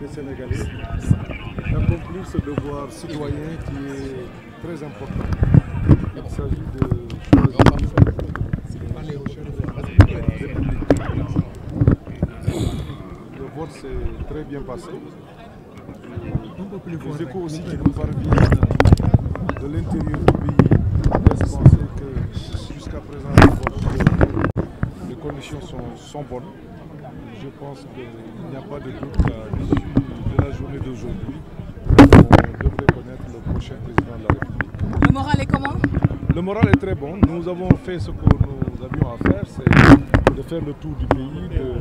des Sénégalais d'accomplir ce devoir citoyen qui est très important. Il s'agit de choisir le vote s'est très bien passé. Les échos aussi qui nous parviennent de l'intérieur du pays laissent penser que jusqu'à présent les conditions sont bonnes. je pense qu'il n'y a pas de doute qu'à l'issue de la journée d'aujourd'hui, on devrait connaître le prochain président de la République. Le moral est très bon. Nous avons fait ce que nous avions à faire, c'est de faire le tour du pays, de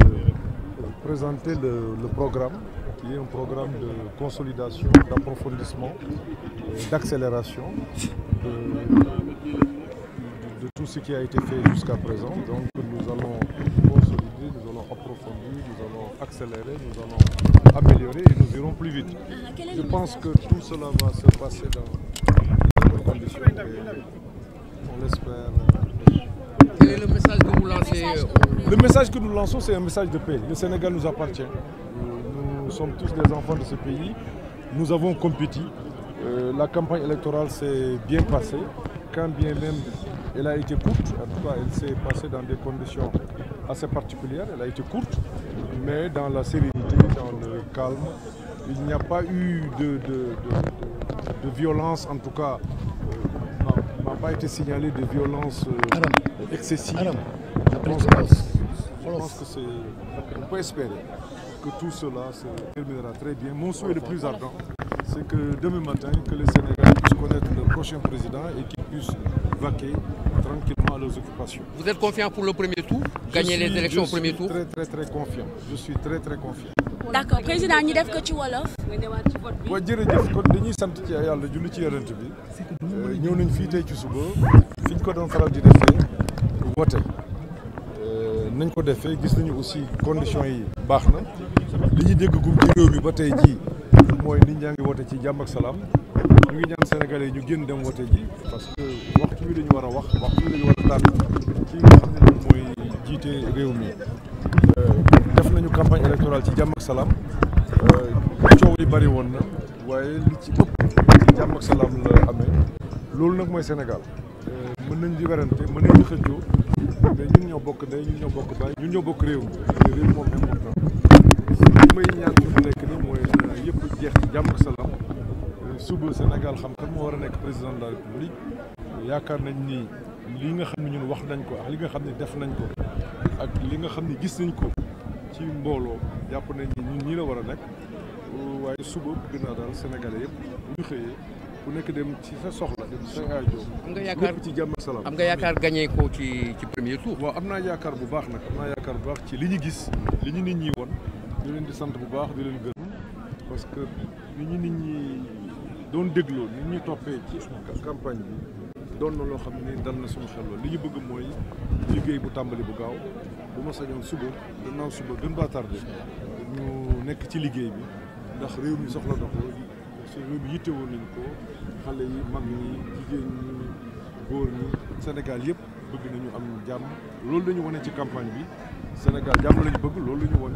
présenter le, programme qui est un programme de consolidation, d'approfondissement, d'accélération de tout ce qui a été fait jusqu'à présent. Donc nous allons accélérer, nous allons améliorer et nous irons plus vite. Ah, Je pense que tout cela va se passer dans des conditions on l'espère. Quel euh, le message que nous lançons, c'est un message de paix. Le Sénégal nous appartient. Nous sommes tous des enfants de ce pays. Nous avons compétit. Euh, la campagne électorale s'est bien passée, quand bien même elle a été courte, en tout cas elle s'est passée dans des conditions assez particulières, elle a été courte, mais dans la sérénité, dans le calme. Il n'y a pas eu de, de, de, de, violence, en tout cas, euh, n'a pas été signalé de violence euh, excessive. Je pense, que, je pense que c'est. On peut espérer que tout cela se terminera très bien. Mon souhait le plus ardent, c'est que demain matin, que les Sénégalais puissent connaître le prochain président et qu'ils puissent vaquer tranquillement à leurs occupations. Vous êtes confiant pour le premier tour gagner suis, les élections au premier tour très très très je suis très très confiant. d'accord président ñu def ko ci wolof. waaw jërëjëf kon dañuy sant ci yàlla julli ci yonent bi euh, ñëw nañ fii tey ci suba fi ñu ko doon faral di defee wote euh, nañ ko defee gis nañu aussi conditions yi baax na li ñu dégg gum ci réew mi ba tey jii mooy nit ñaa ngi wote ci jàmm ak salaam. ñu ngi ñaan Sénégalais ñu génn dem wote ji parce que waxtu bi dañu war a wax waxtu bi dañu war a ci nga xam ne mooy jiite réew mi euh, def nañu campagne électorale ci jàmm salaam euh, coow li bari woon na waaye li ci ëpp ci jàmm ak salaam la amee loolu nag mooy Sénégal euh, mën nañ di werante mën nañ di xëccoo mais ñun ñoo bokk ndey ñun ñoo bokk baay ñun ñoo bokk réew mi te réew moom important li may ñaan fi nekk ni mooy yëpp jeex ci jàmm ak salaam suba Sénégal xam moo war a nekk président de la république yaakaar nañ ni li nga xam ne ñun wax nañ ko ak li nga xam ne def nañ ko ak li nga xam ne gis nañ ko ci mbooloo jàpp nañ ni ñun war a nekk waaye suba bëgg naa daal Sénégalais yëpp bu ñu ku nekk dem ci sa soxla dem ci sa aajo. am nga yaakaar ci jàmm ak am nga yaakaar gagné ko ci ci premier tour. waaw am naa yaakaar bu baax nag am naa yaakaar bu baax ci li ñu gis li ñu nit ñi woon ñu leen di sant bu baax di leen gërëm parce que li ñu nit ñi. doon dégloo ni ñuy toppee ci campagne bi doon na loo xam ni dal na suñu xel li ñu bëgg mooy liggéey bu tàmbali bu gaaw bu ma sañoon suba naaw suba gën ba tardé ñu nekk ci liggéey bi ndax réew mi soxla na ko su woon nañ ko xale yi mag ñi jigéen ñi góor ñi Sénégal yëpp bëgg nañu am jàmm loolu dañu ñu wane ci campagne bi Sénégal jàmm lañu bëgg loolu la ñu